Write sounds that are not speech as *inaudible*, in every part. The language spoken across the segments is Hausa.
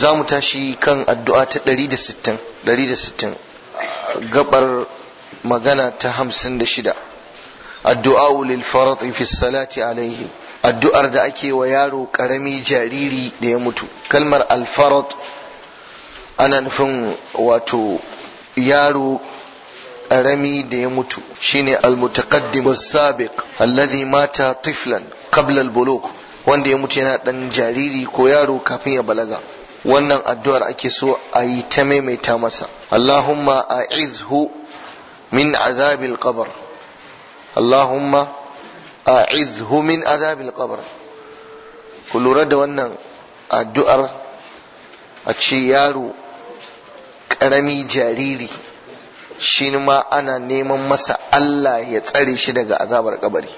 za mu tashi kan addu'a ta 160 gabar magana ta 56 addu'a lil farat fi salati alaihi addu'ar da ake wa yaro karami jariri da ya mutu kalmar al farat ana nufin wato yaro karami da ya mutu shine al mutaqaddim was sabiq alladhi mata tiflan qabla al wanda ya mutu yana dan jariri ko yaro kafin ya balaga wannan addu'ar ake so a yi ta maimaita masa Allahumma izhu min azabil qabr Allahumma izhu min azabil qabr ku lura da wannan addu'ar a ce yaro ƙarami jariri shi ma ana neman masa Allah ya tsare shi daga azabar kabari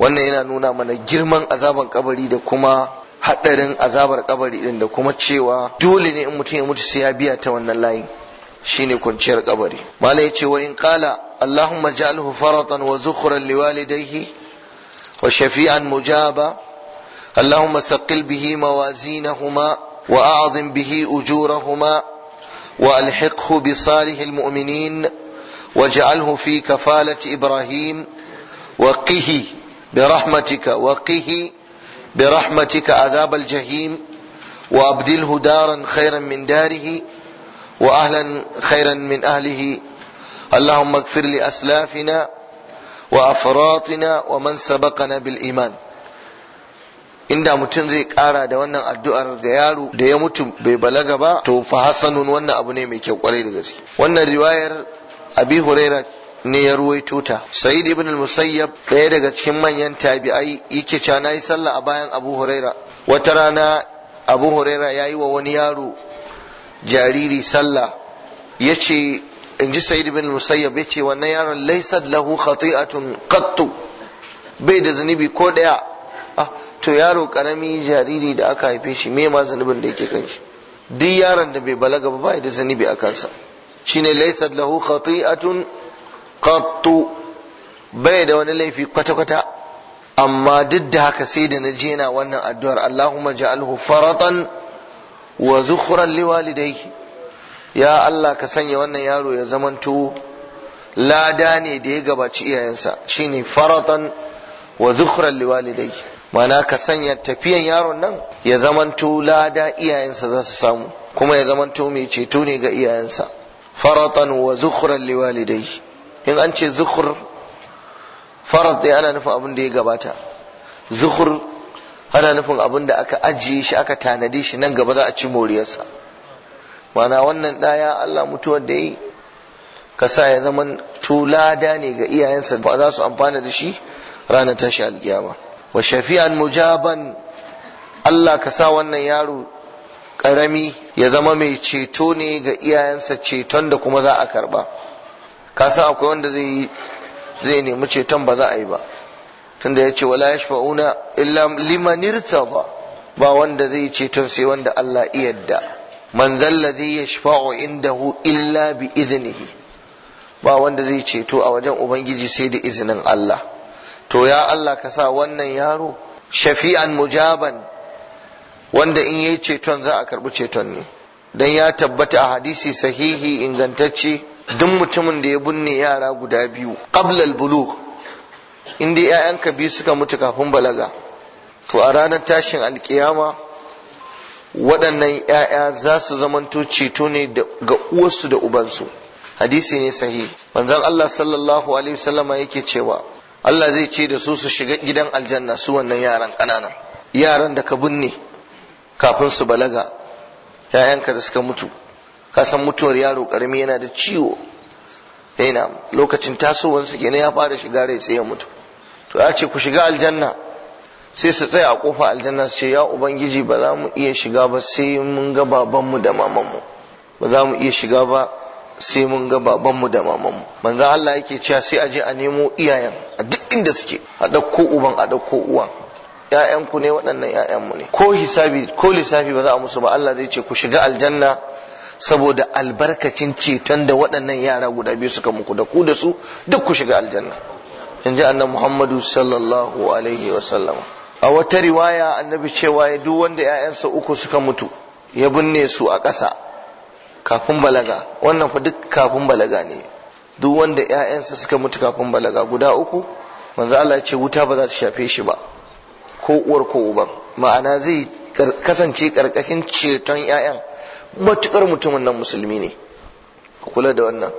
wannan yana nuna mana girman azabar kabari da kuma haɗarin azabar kabari ɗin da kuma cewa dole ne in mutum ya mutu sai ya biya ta wannan layi shine kwanciyar kabari malai yace wa in qala allahumma ja'alhu faratan wa zukhran liwalidayhi wa shafi'an mujaba allahumma saqil bihi huma. wa a'zim bihi ujurahuma wa alhiqhu bi salih almu'minin wa ja'alhu fi kafalati ibrahim wa qihi rahmatika وقه برحمتك عذاب الجحيم وأبدله دارا خيرا من داره وأهلا خيرا من أهله اللهم اغفر لأسلافنا وأفراطنا ومن سبقنا iman. inda mutum zai kara da wannan addu'ar da yaro da ya mutu bai balaga ba to fa hasanun wannan abu ne mai kyau kwarai da gaske wannan riwayar abi huraira ne ya ruwaito ta sa'id ibn al-musayyab ɗaya daga cikin manyan tabi'ai yake cewa nayi sallah a bayan abu huraira wata rana abu huraira ya yi wa wani yaro jariri sallah yace in ji sa'id ibn al-musayyab yace wannan yaron laysat lahu khati'atun qattu bai da zunubi ko daya ah to yaro karami jariri da aka haife shi me ma zunubin da yake kan shi duk yaron da bai balaga ba bai da zunubi a kansa shine laysat lahu khati'atun qattu bai da wani laifi kwata-kwata amma duk da haka sai da na je na wannan addu'ar Allahumma ja'alhu faratan wa zukhran liwalidayhi ya Allah ka sanya wannan yaro ya zamanto lada ne da ya gabaci iyayensa shine faratan wa zukhran liwalidayhi mana ka sanya tafiyan yaron nan ya zamanto lada iyayensa za su samu kuma ya zamanto mai ceto ne ga iyayensa faratan wa zukhran liwalidayhi in an ce zuhur farad dai ana nufin abin da ya gabata zuhur ana nufin abin da aka ajiye shi aka tanadi shi nan gaba za a ci moriyarsa mana wannan ɗaya Allah mutuwar da yi ka sa ya zama tulada ne ga iyayensa ba za su amfana da shi ranar tashi alkiyama wa shafi'an mujaban Allah ka sa wannan yaro karami ya zama mai ceto ne ga iyayensa ceton da kuma za a karba ka san akwai wanda zai zai nemi ceton ba za a yi ba tunda ya ce wala yashfa'una illa liman irtada ba wanda zai ceton sai wanda Allah iyadda man zalladhi yashfa'u indahu illa bi idnihi ba wanda zai ceto a wajen ubangiji sai da izinin Allah to ya Allah ka sa wannan yaro shafi'an mujaban wanda in yayi ceton za a karbi ceton ne dan ya tabbata a hadisi sahihi ingantacce duk mutumin da ya binne yara guda biyu qablal bulugh inda ƴaƴanka biyu suka mutu kafin balaga to a ranar tashin alkiyama waɗannan ƴaƴa za su zamanto ceto ne ga uwarsu da ubansu hadisi ne sahi. manzon Allah sallallahu alaihi wasallama yake cewa Allah zai ce da su su shiga gidan aljanna su wannan yaran ƙanana. yaran da ka binne kafin su balaga ‘ya'yanka da suka mutu ka san mutuwar yaro karami yana da ciwo yana eh, lokacin tasowarsa kenan ya fara shiga rai sai ya mutu to ya ce ku shiga aljanna sai su tsaya a kofa aljanna su ce ya ubangiji ba za mu iya shiga ba sai mun ga babanmu da mamanmu ba za mu iya shiga ba sai mun ga babanmu da mamanmu manzo Allah yake cewa sai a je a nemo iyayen a duk inda suke a dauko uban a dauko uwan ƴaƴanku ne waɗannan ƴaƴanmu ne ko hisabi ko lissafi ba za a musu ba Allah zai ce ku shiga aljanna saboda albarkacin ceton da waɗannan yara guda biyu suka muku da ku da su duk ku shiga aljanna in ji annabi muhammadu sallallahu alaihi wa sallam. a wata riwaya annabi cewa ya duk wanda ƴaƴansa uku suka mutu ya binne su a ƙasa kafin balaga wannan fa duk kafin balaga ne duk wanda ƴaƴansa suka mutu kafin balaga guda uku manzo Allah ya ce wuta ba za ta shafe shi ba ko uwar ko uban ma'ana zai kasance karkashin ceton ƴaƴan. matukar mutumin nan musulmi ne kula da wannan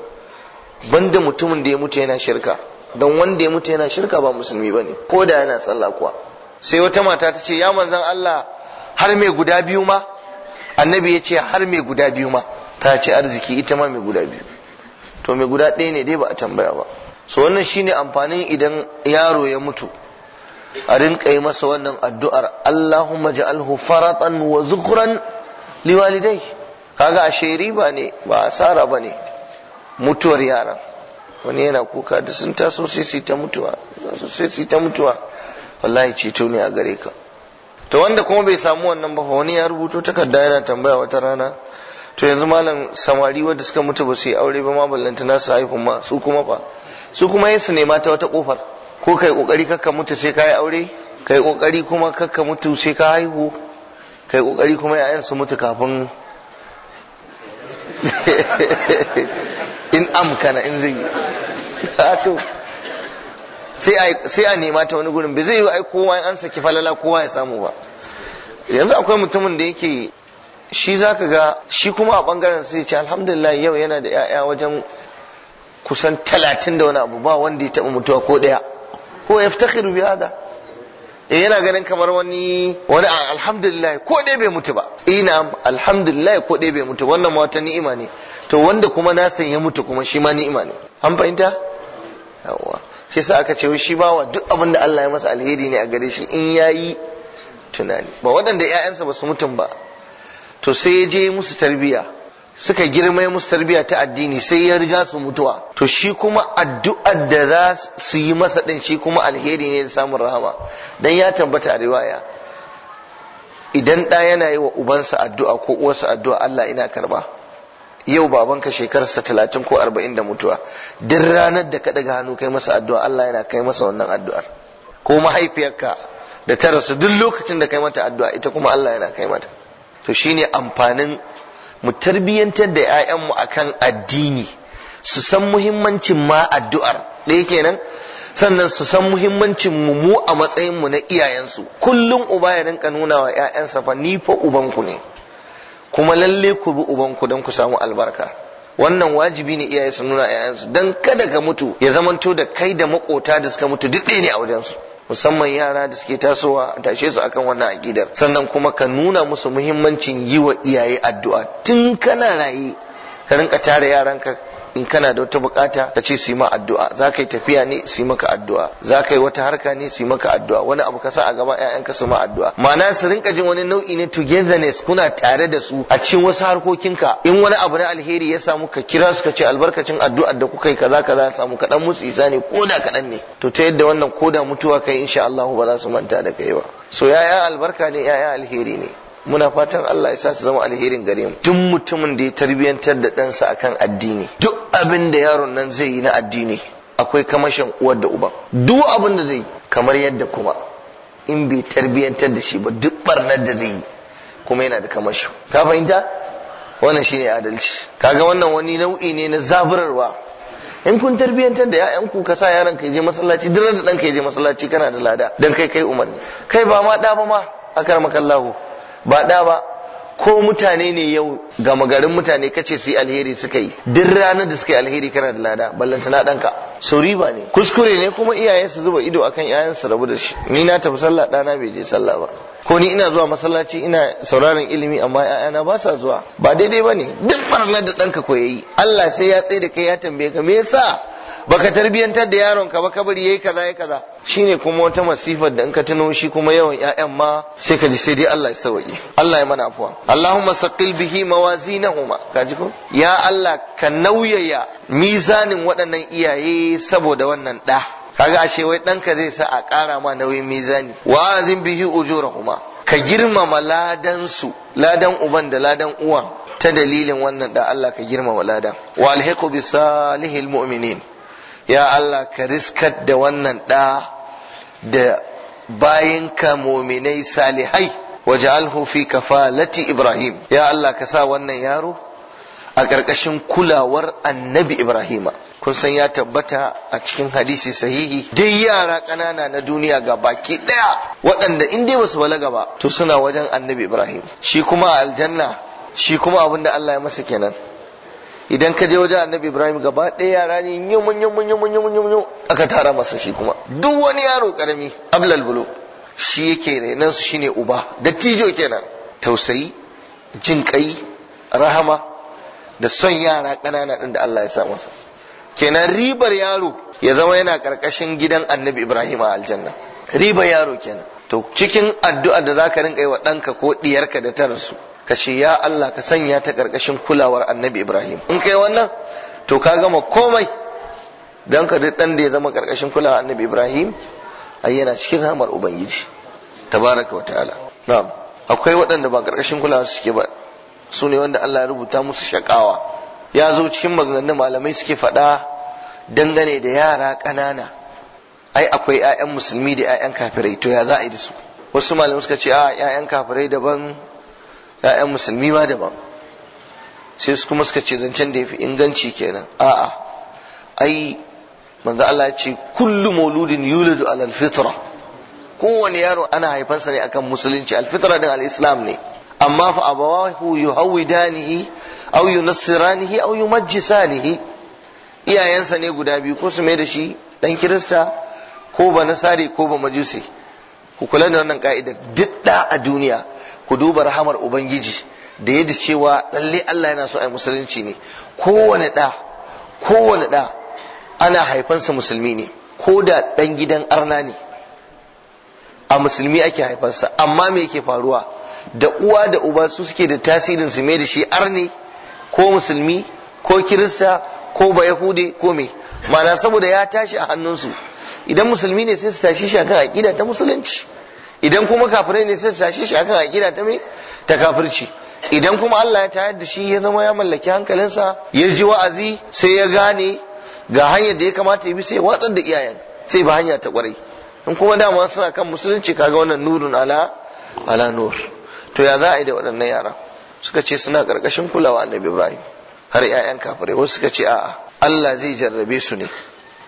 banda mutumin da ya mutu yana shirka don wanda ya mutu yana shirka ba musulmi ba ne ko da yana tsalla kuwa sai wata mata ta ce ya manzan Allah har mai guda biyu ma annabi ya ce har mai guda biyu ma ta ce arziki ita ma mai guda biyu to mai guda ɗaya ne dai ba a tambaya ba so wannan shine amfanin idan yaro ya mutu a rinka yi masa wannan addu'ar Allahumma ja'alhu faratan wa zukhran liwalidai kaga ashe riba ne ba asara ba mutuwar yaran wani yana kuka da sun taso sai su ta mutuwa sai su ta mutuwa wallahi ceto ne a gare ka to wanda kuma bai samu wannan ba wani ya rubuto takarda yana tambaya wata rana to yanzu malam samari wanda suka mutu ba su yi aure ba ma ballanta na su haihu ma su kuma fa su kuma yin su nema ta wata kofar ko kai kokari kakka mutu sai ka yi aure kai kokari kuma kakka mutu sai ka haihu kai kokari kuma 'ya'yan su mutu kafin *laughs* in amkana in zai *laughs* to sai a nema ta wani gurin bai zai yi ai kowa an saki falala kowa ya samu ba yanzu akwai mutumin da yake shi zaka ga shi kuma a bangaren sai ce alhamdulillah yau yana da 'ya'ya wajen kusan talatin da wani abu ba wanda ya taba mutuwa ko daya ko ya fita bi hada eh, yana ganin kamar wani wani alhamdulillah ko ɗaya bai mutu ba ina alhamdulillah ko ɗaya bai mutu wannan ma ni ni'ima ne to wanda kuma na san ya mutu kuma shi ma ni'ima ne an fahimta yawa shi yasa aka ce shi bawa duk abin da Allah ya masa alheri ne a gare shi in yayi tunani ba waɗanda ƴaƴansa ba su mutum ba to sai ya je musu tarbiya suka girma musu tarbiya ta addini sai ya riga su mutuwa to shi kuma addu'ar da za su yi masa din shi kuma alheri ne da samun rahama dan ya tabbata a riwaya idan ɗa yana yi wa ubansa addu'a ko uwarsa addu'a Allah ina karba yau babanka shekararsa talatin ko arba'in da mutuwa duk ranar da ka ɗaga hannu kai masa addu'a Allah yana kai masa wannan addu'ar ko mahaifiyarka da ta rasu duk lokacin da kai mata addu'a ita kuma Allah yana kai mata to shine amfanin mu tarbiyyantar da 'ya'yanmu akan addini su san muhimmancin ma addu'ar ɗaya kenan sannan su san muhimmancin mu mu a matsayin mu na iyayensu kullum uba ya rinka nuna wa ƴaƴansa fa ni fa uban ku ne kuma lalle ku bi uban ku don ku samu albarka wannan wajibi ne iyaye su nuna ƴaƴansu dan kada ka mutu ya zamanto da kai da makota da suka mutu duk ɗaya ne a wajensu musamman yara da suke tasowa tashe su akan wannan akidar sannan kuma ka nuna musu muhimmancin yi wa iyaye addu'a tun kana raye ka rinka tare yaranka in kana da wata bukata ka ce su yi ma addu'a za ka yi tafiya ne su maka addu'a za ka yi wata harka ne su maka addu'a wani abu ka sa a gaba 'ya'yanka su ma addu'a ma'ana su rinka jin wani nau'i ne togetherness kuna tare da su a cikin wasu harkokinka in wani abu na alheri ya samu ka kira su ka ce albarkacin addu'a da kuka yi kaza kaza ya samu kaɗan musu isa ne ko da kaɗan ne to ta yadda wannan ko da mutuwa kai insha Allah ba za su manta da kai ba so yaya albarka ne yaya alheri ne muna fatan Allah ya sa su zama alherin gare mu tun mutumin da ya tarbiyantar da ɗansa akan addini duk abin da yaron nan zai yi na addini akwai kamashin uwar da uban duk abin da zai yi kamar yadda kuma in bai tarbiyantar da shi ba duk barnar da zai yi kuma yana da kamashi ka fahimta wannan shine adalci kaga wannan wani nau'i ne na zaburarwa in kun tarbiyantar da 'ya'yanku ka sa yaron ka je masallaci dare da ɗanka ya je masallaci kana da lada dan kai kai umarni kai ba ma ɗa ba ma akar makallahu ba da ba ko mutane ne yau gama garin mutane kace su yi alheri suka yi duk ranar da suka yi alheri kana da lada ballanta na danka sauri riba ne kuskure ne kuma iyaye su zuba ido akan iyayen su rabu da shi ni na tafi sallah dana bai je sallah ba ko ni ina zuwa masallaci ina sauraron ilimi amma ƴaƴana ba sa zuwa ba daidai ba ne duk barnar da ɗanka ko yayi Allah sai ya tsaye da kai ya tambaye ka me yasa baka tarbiyantar da yaron ka ba kabari yayi kaza yayi kaza shine kuma wata masifar da in ka tuno shi kuma yawan ƴaƴan ma sai ka ji sai dai Allah ya sauke Allah ya mana afuwa. Allahumma saqil bihi mawazinahuma kaji ko ya Allah ka nauyaya mizanin waɗannan iyaye saboda wannan ɗa kaga ashe wai ɗanka zai sa a ƙara ma nauyin mizani wa azin bihi ujurahuma ka girmama ladan su ladan uban da ladan uwan ta dalilin wannan da Allah ka girmama ladan wa alhiqu bi salihil mu'minin ya Allah ka riskar da wannan ɗa da bayinka muminai salihai waj'alhu fi kafalati ibrahim ya Allah ka sa wannan yaro a ƙarƙashin kulawar annabi ibrahima kun san ya tabbata a cikin hadisi sahihi dai yara ƙanana na duniya ga baki ɗaya waɗanda in dai basu balaga ba to suna wajen annabi ibrahim shi kuma aljanna shi kuma abin da Allah ya masa kenan idan ka je wajen annabi ibrahim gaba ɗaya yara ne yamun yamun yamun yamun yamun aka tara masa shi kuma duk wani yaro karami ablal bulo shi yake renan su shine uba dattijo kenan tausayi jin kai rahama da son yara ƙanana ɗin da Allah ya sa masa kenan ribar yaro ya zama yana ƙarƙashin gidan annabi ibrahim a aljanna ribar yaro kenan to cikin addu'a da zaka rinka yi wa ɗanka ko ɗiyarka da ta rasu ka ce ya Allah ka sanya ta ƙarƙashin kulawar annabi Ibrahim in kai wannan to ka gama komai don ka duk ɗan da ya zama ƙarƙashin kulawar annabi Ibrahim ai yana cikin ramar Ubangiji tabaraka wa ta'ala na'am akwai waɗanda ba ƙarƙashin kulawar suke ba su ne wanda Allah ya rubuta musu shakawa ya zo cikin maganganun malamai suke faɗa dangane da yara ƙanana ai akwai 'ya'yan musulmi da 'ya'yan kafirai to ya za a yi da su wasu malamai suka ce a 'ya'yan kafirai daban 'ya'yan musulmi ma daban sai su kuma suka ce zancen da ya fi inganci kenan a'a ai manzo Allah ya ce kullu mauludin yulidu alal alfitra kowane yaro ana haifansa ne akan musulunci alfitra din al-islam ne amma fa abawahu yuhawidanihi aw yunassiranihi aw yumajjisanihi iyayensa ne guda biyu ko su mai da shi dan kirista ko ba nasari ko ba majusi ku kula da wannan ka'idar duk da a duniya ku duba rahamar ubangiji da yadda cewa lalle Allah yana so a musulunci ne kowane da kowane da ana haifansa musulmi ne ko da ɗan gidan arna ne a musulmi ake haifansa amma me yake faruwa da uwa da uba su suke da tasirin su mai da shi arni ko musulmi ko kirista ko ba yahudi ko me ma'ana saboda ya tashi a hannunsu idan musulmi ne sai su tashi shakar akan aqida ta musulunci idan kuma kafirai ne sai su tashe shi aka aqida ta me ta kafirci idan kuma Allah ya tayar da shi ya zama ya mallaki hankalinsa ya ji wa'azi sai ya gane ga hanyar da ya kamata ya bi sai watsar da iyayen sai ba hanya ta kwarai in kuma dama suna kan musulunci kaga wannan nurun ala ala nur to ya za a yi da waɗannan yara suka ce suna karkashin kulawa annabi Ibrahim har 'ya'yan kafirai wasu suka ce a'a Allah zai jarrabe su ne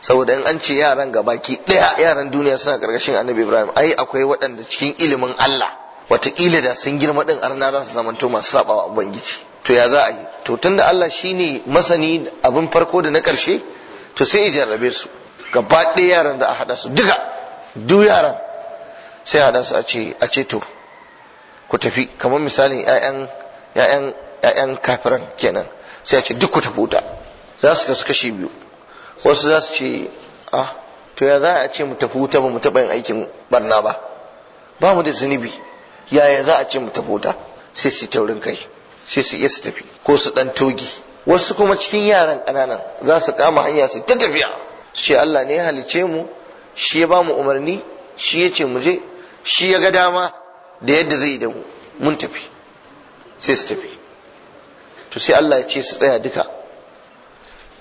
saboda in an ce yaran ga baki ɗaya yaran duniya suna karkashin annabi ibrahim ai akwai waɗanda cikin ilimin allah wataƙila da sun girma ɗin arna za su zamanto masu saɓawa ubangiji to ya za a yi to tunda allah shine masani abin farko da na ƙarshe to sai ya jarrabe su gaba ɗaya yaran da a haɗa su duka duk yaran sai haɗa su a ce a ce to ku tafi kamar misalin ƴaƴan ƴaƴan ƴaƴan kafiran kenan sai a ce duk ku tafi za su kasu kashi biyu wasu za su ce ah to ya za a ce mu tafi wuta ba mu taɓa yin aikin barna ba ba mu da zunubi yaya za a ce mu tafi wuta sai su taurin kai sai su iya su tafi ko su ɗan togi wasu kuma cikin yaran ƙananan za su kama hanya su ta tafiya shi Allah ne ya halice mu shi ya ba mu umarni shi ya ce mu je shi ya ga dama da yadda zai da mu mun tafi sai su tafi to sai Allah ya ce su tsaya duka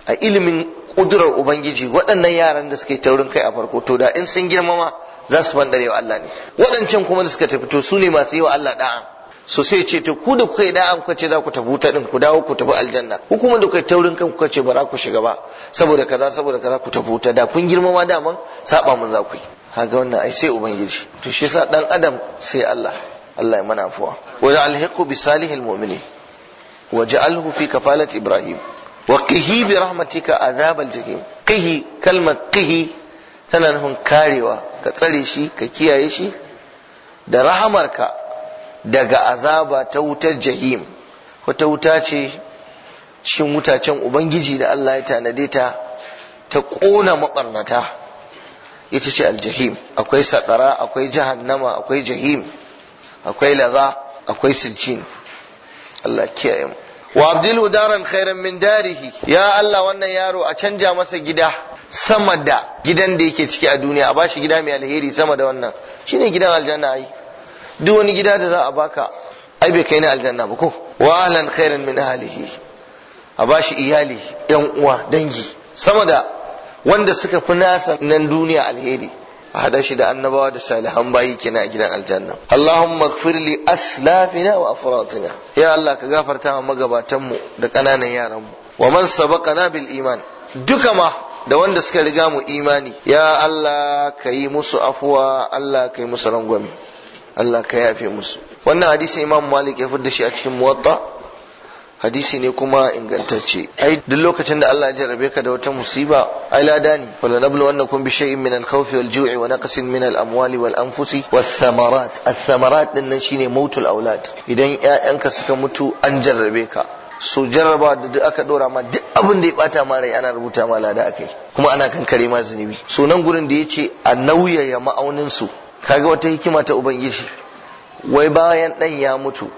a ilimin kudurar ubangiji waɗannan yaran da suke taurin kai a farko to da in sun girmama za su bandare wa Allah ne waɗancan kuma da suka tafi to su ne masu yi wa Allah da'a so sai ce to ku da kuka yi da'a kuka ce za ku tafi wuta ku dawo ku tafi aljanna Ku kuma da kuka yi taurin kan kuka ce ba za ku shiga ba saboda kaza saboda kaza ku tafi wuta da kun girmama daman saba mun za ku yi haga wannan ai sai ubangiji to shi yasa dan adam sai Allah Allah ya mana afuwa wa alhiqu bi salihil mu'mini wa ja'alhu fi kafalat ibrahim wa qihi bi rahmatika azabal jahim qihi kalmar qihi tana nufin karewa ka tsare shi ka kiyaye shi da rahamarka daga azaba ta wutar jahim wata wuta ce cikin wutacen ubangiji da Allah ya tanade ta ta ƙona maɓarnata ita ce aljahim akwai saƙara akwai jahannama akwai jahim akwai laza akwai sijjin Allah kiyaye mu wa abdilhu daran khairan min darihi ya Allah wannan yaro a canja masa gida sama da gidan da yake ciki a duniya a bashi gida mai alheri sama da wannan shine gidan aljanna ai duk wani gida da za a baka ai bai kai na aljanna ba ko wa ahlan khairan min ahlihi a bashi iyali yan uwa dangi sama da wanda suka fi nasa nan duniya alheri a hada shi da annabawa da salihan bayi kina a gidan aljanna Allahumma ighfir li aslafina wa afratina ya Allah ka gafarta wa magabatan mu da kananan yaran mu wa man sabaqana bil iman duka ma da wanda suka riga mu imani ya Allah ka yi musu afuwa Allah ka yi musu rangwame Allah ka yafe musu wannan hadisin Imam Malik ya da shi a cikin Muwatta hadisi ne kuma ingantacce ai duk lokacin da Allah ya jarrabe ka da wata musiba ai lada ne wala nablu annakum bi shay'in min al-khawf wal-ju'i wa naqsin min al-amwali wal-anfusi wath-thamarat ath-thamarat din nan shine mautul aulad idan ƴaƴanka suka mutu an jarrabe ka so jarraba da duk aka dora ma duk abin da ya bata ma rai ana rubuta ma lada akai kuma ana kankare ma zunubi so nan gurin da yace a nauyaya ma'aunin su kaga wata hikima ta ubangiji wai bayan dan ya mutu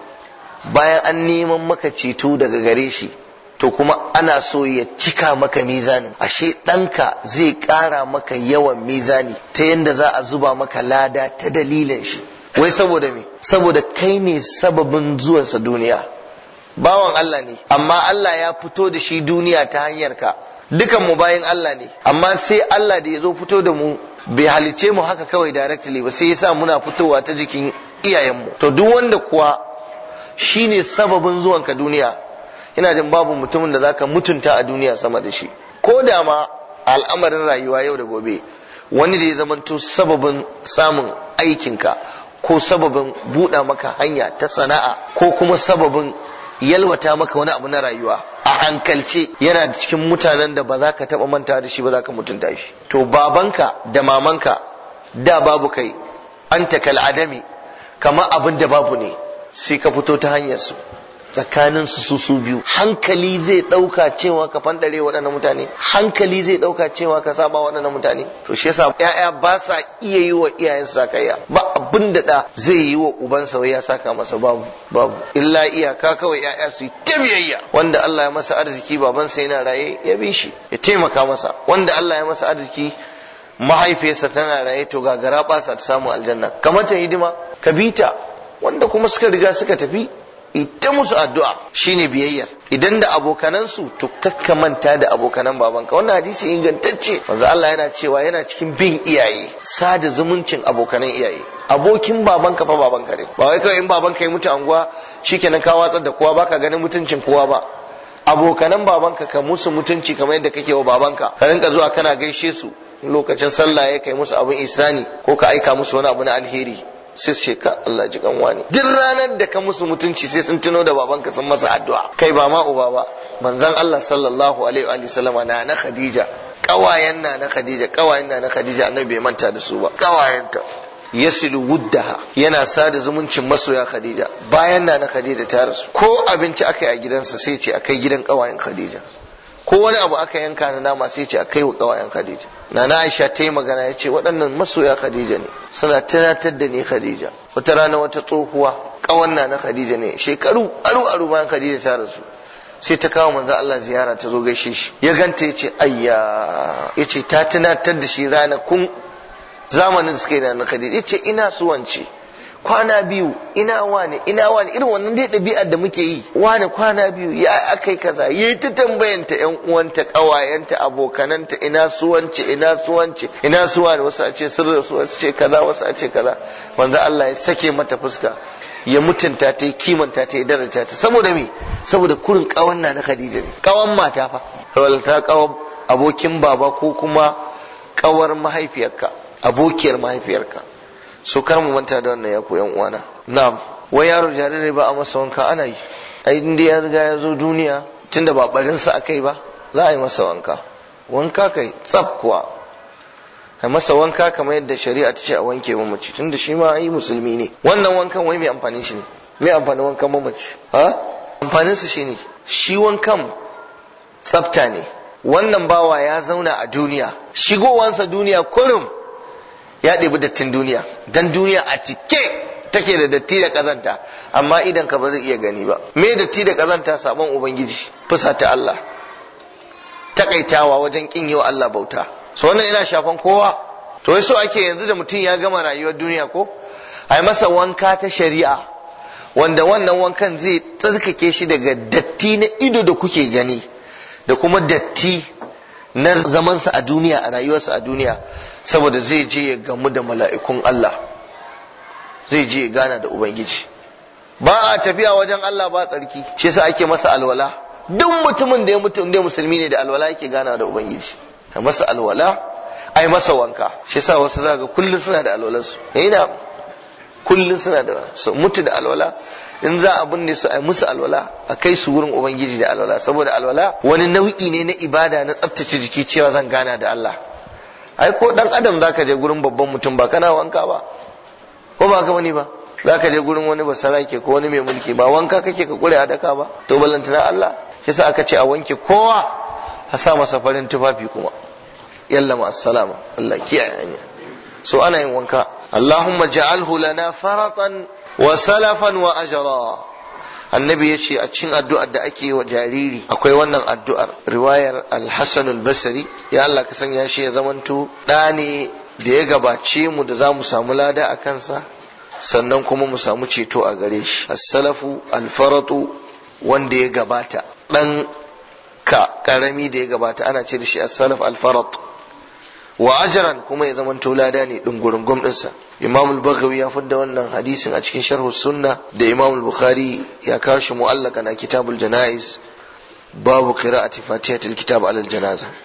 bayan an neman maka ceto daga gare shi to kuma ana so ya cika maka mizanin ashe ɗanka zai ƙara maka yawan mizani ta yadda za a zuba maka lada ta dalilin shi wai saboda me saboda kai ne sababin zuwansa duniya bawan Allah ne amma Allah ya fito da shi duniya ta hanyar ka dukan mu bayan Allah ne amma sai Allah da ya zo fito da mu bai halice mu haka kawai directly ba sai ya sa muna fitowa ta jikin iyayenmu to duk wanda kuwa shine sababin zuwanka duniya ina jin babu mutumin da zaka mutunta a duniya sama da shi ko da ma al'amarin rayuwa yau da gobe wani da ya zamanto sababin samun aikinka ko sababin buɗa maka hanya ta sana'a ko kuma sababin yalwata maka wani abu na rayuwa a hankalce yana cikin mutanen da ba za ka taɓa manta da shi ba za ka mutunta shi to babanka da mamanka da babu kai an takal adami kama abin da babu ne sai ka fito ta hanyar su tsakanin su su su biyu hankali zai ɗauka cewa ka fandare waɗannan mutane hankali zai ɗauka cewa ka saba waɗannan mutane to shi yasa ƴaƴa ba sa iya yi wa iyayen sakayya ba abin da da zai yi wa ubansa wai ya saka masa babu babu illa iyaka kawai ƴaƴa su ta tabiyayya wanda Allah ya masa arziki sa yana raye ya bi shi ya taimaka masa wanda Allah ya masa arziki mahaifiyarsa tana raye to gagara ba sa ta samu aljanna kamar ta hidima ka bita wanda kuma suka riga suka tafi ita musu addu'a shine biyayyar idan da abokanansu to kakka manta da abokanan babanka wannan hadisi ingantacce manzo Allah yana cewa yana cikin bin iyaye sada zumuncin abokanan iyaye abokin babanka fa babanka ne ba wai kawai in babanka ya mutu anguwa shikenan ka watsar da kowa baka ganin mutuncin kowa ba abokanan babanka ka musu mutunci kamar yadda kake wa babanka ka rinka zuwa kana gaishe su lokacin sallah ya kai musu abin isani ko ka aika musu wani abu na alheri sai su ce Allah ji kanwa ne duk ranar da ka musu mutunci sai sun tuno da babanka sun masa addu'a kai ba ma uba ba manzon Allah sallallahu alaihi wa sallama na na Khadija kawayen na na Khadija kawayen na na Khadija annabi bai manta da su ba kawayenta yasilu wuddaha yana sada zumuncin masoya Khadija bayan na na Khadija ta rasu ko abinci aka yi a gidansa sai ce akai gidan kawayen Khadija ko wani abu aka yanka na nama sai ce a kai wa kawayen khadija nana aisha ta yi magana ya ce waɗannan masoya khadija ne suna tunatar da ni khadija wata rana wata tsohuwa kawan na na khadija ne shekaru aru aru bayan khadija ta rasu sai ta kawo manzo Allah ziyara ta zo gaishe shi ya ganta ya ce ayya ya ce ta tunatar da shi ranakun zamanin suka yi na khadija ya ce ina suwanci kwana biyu ina wane ina wane irin wannan dai ɗabi'ar da muke yi wane kwana biyu ya akai kaza yayi ta tambayanta yan uwanta kawayenta, abokananta ina suwanci ina suwanci ina suwane wasu a ce sirri su wasu ce kaza wasu a ce kaza wanda Allah ya sake mata fuska ya mutunta ta kimanta ta daraja ta saboda me saboda kurin kawan na na Khadija ne kawan mata fa ta kawan abokin baba ko kuma kawar mahaifiyarka abokiyar mahaifiyarka so kar mu manta da wannan ya yan uwana na'am wai yaro jariri ba a masa wanka ana yi ai inda ya riga ya zo duniya tunda ba barin sa akai ba za a yi masa wanka wanka kai tsaf kuwa a masa wanka kamar yadda shari'a ta ce a wanke mamaci tunda shi ma ai musulmi ne wannan wankan wai mai amfanin shi ne mai amfanin wankan mamaci ha amfanin su shine shi wankan tsafta ne wannan bawa ya zauna a duniya shigowansa duniya kurum ya ɗebi dattin duniya dan duniya a cike take da datti da ƙazanta, amma idan ka ba zai iya gani ba me datti da ƙazanta sabon ubangiji ta Allah takaitawa wajen kin yi wa Allah bauta so wannan yana shafan kowa to so ake yanzu da mutum ya gama rayuwar duniya ko ai masa wanka ta shari'a wanda wannan wankan zai tsarkake shi daga datti na ido da kuke gani da kuma datti na zamansa a duniya a rayuwarsa a duniya saboda zai je ya gamu da mala'ikun Allah zai je ya gana da ubangiji ba a tafiya wajen Allah ba tsarki shi sa ake masa alwala duk mutumin da ya mutu inda musulmi ne da alwala yake gana da ubangiji a masa alwala ai masa wanka shi sa wasu za ga suna da alwalansu eh, ina Kullum suna da su mutu da alwala in za a binne su ai musu alwala a kai su wurin ubangiji da alwala saboda alwala wani nau'i ne na ibada na tsaftace jiki cewa zan gana da Allah ai ko dan adam zaka je gurin babban mutum ba kana wanka ba ko ba ka wani ba zaka je gurin wani basarake ko wani mai mulki ba wanka kake ka kure daka ba to ballantana Allah shi sa aka ce a wanke kowa a sa masa farin tufafi kuma yalla ma assalama Allah kiyaye hanya so ana yin wanka Allahumma ja'alhu lana faratan wa salafan wa ajra annabi ya ce a cikin addu'ar da ake wa jariri akwai wannan addu'ar riwayar al-hasan al-basri ya Allah ka sanya shi ya zamanto da ne da ya gabace mu da za mu samu lada a kansa sannan kuma mu samu ceto a gare shi as-salafu al-faratu wanda ya gabata dan ka karami da ya gabata ana ce da shi as-salaf al-farat wa ajran kuma ya zama lada ne dungurin gumdinsa imam al-baghawi ya fadda wannan hadisin a cikin sharh sunna da imam al-bukhari ya kawo shi mu'allaka na kitabul janaiz babu qira'ati fatihatil kitab alal janaza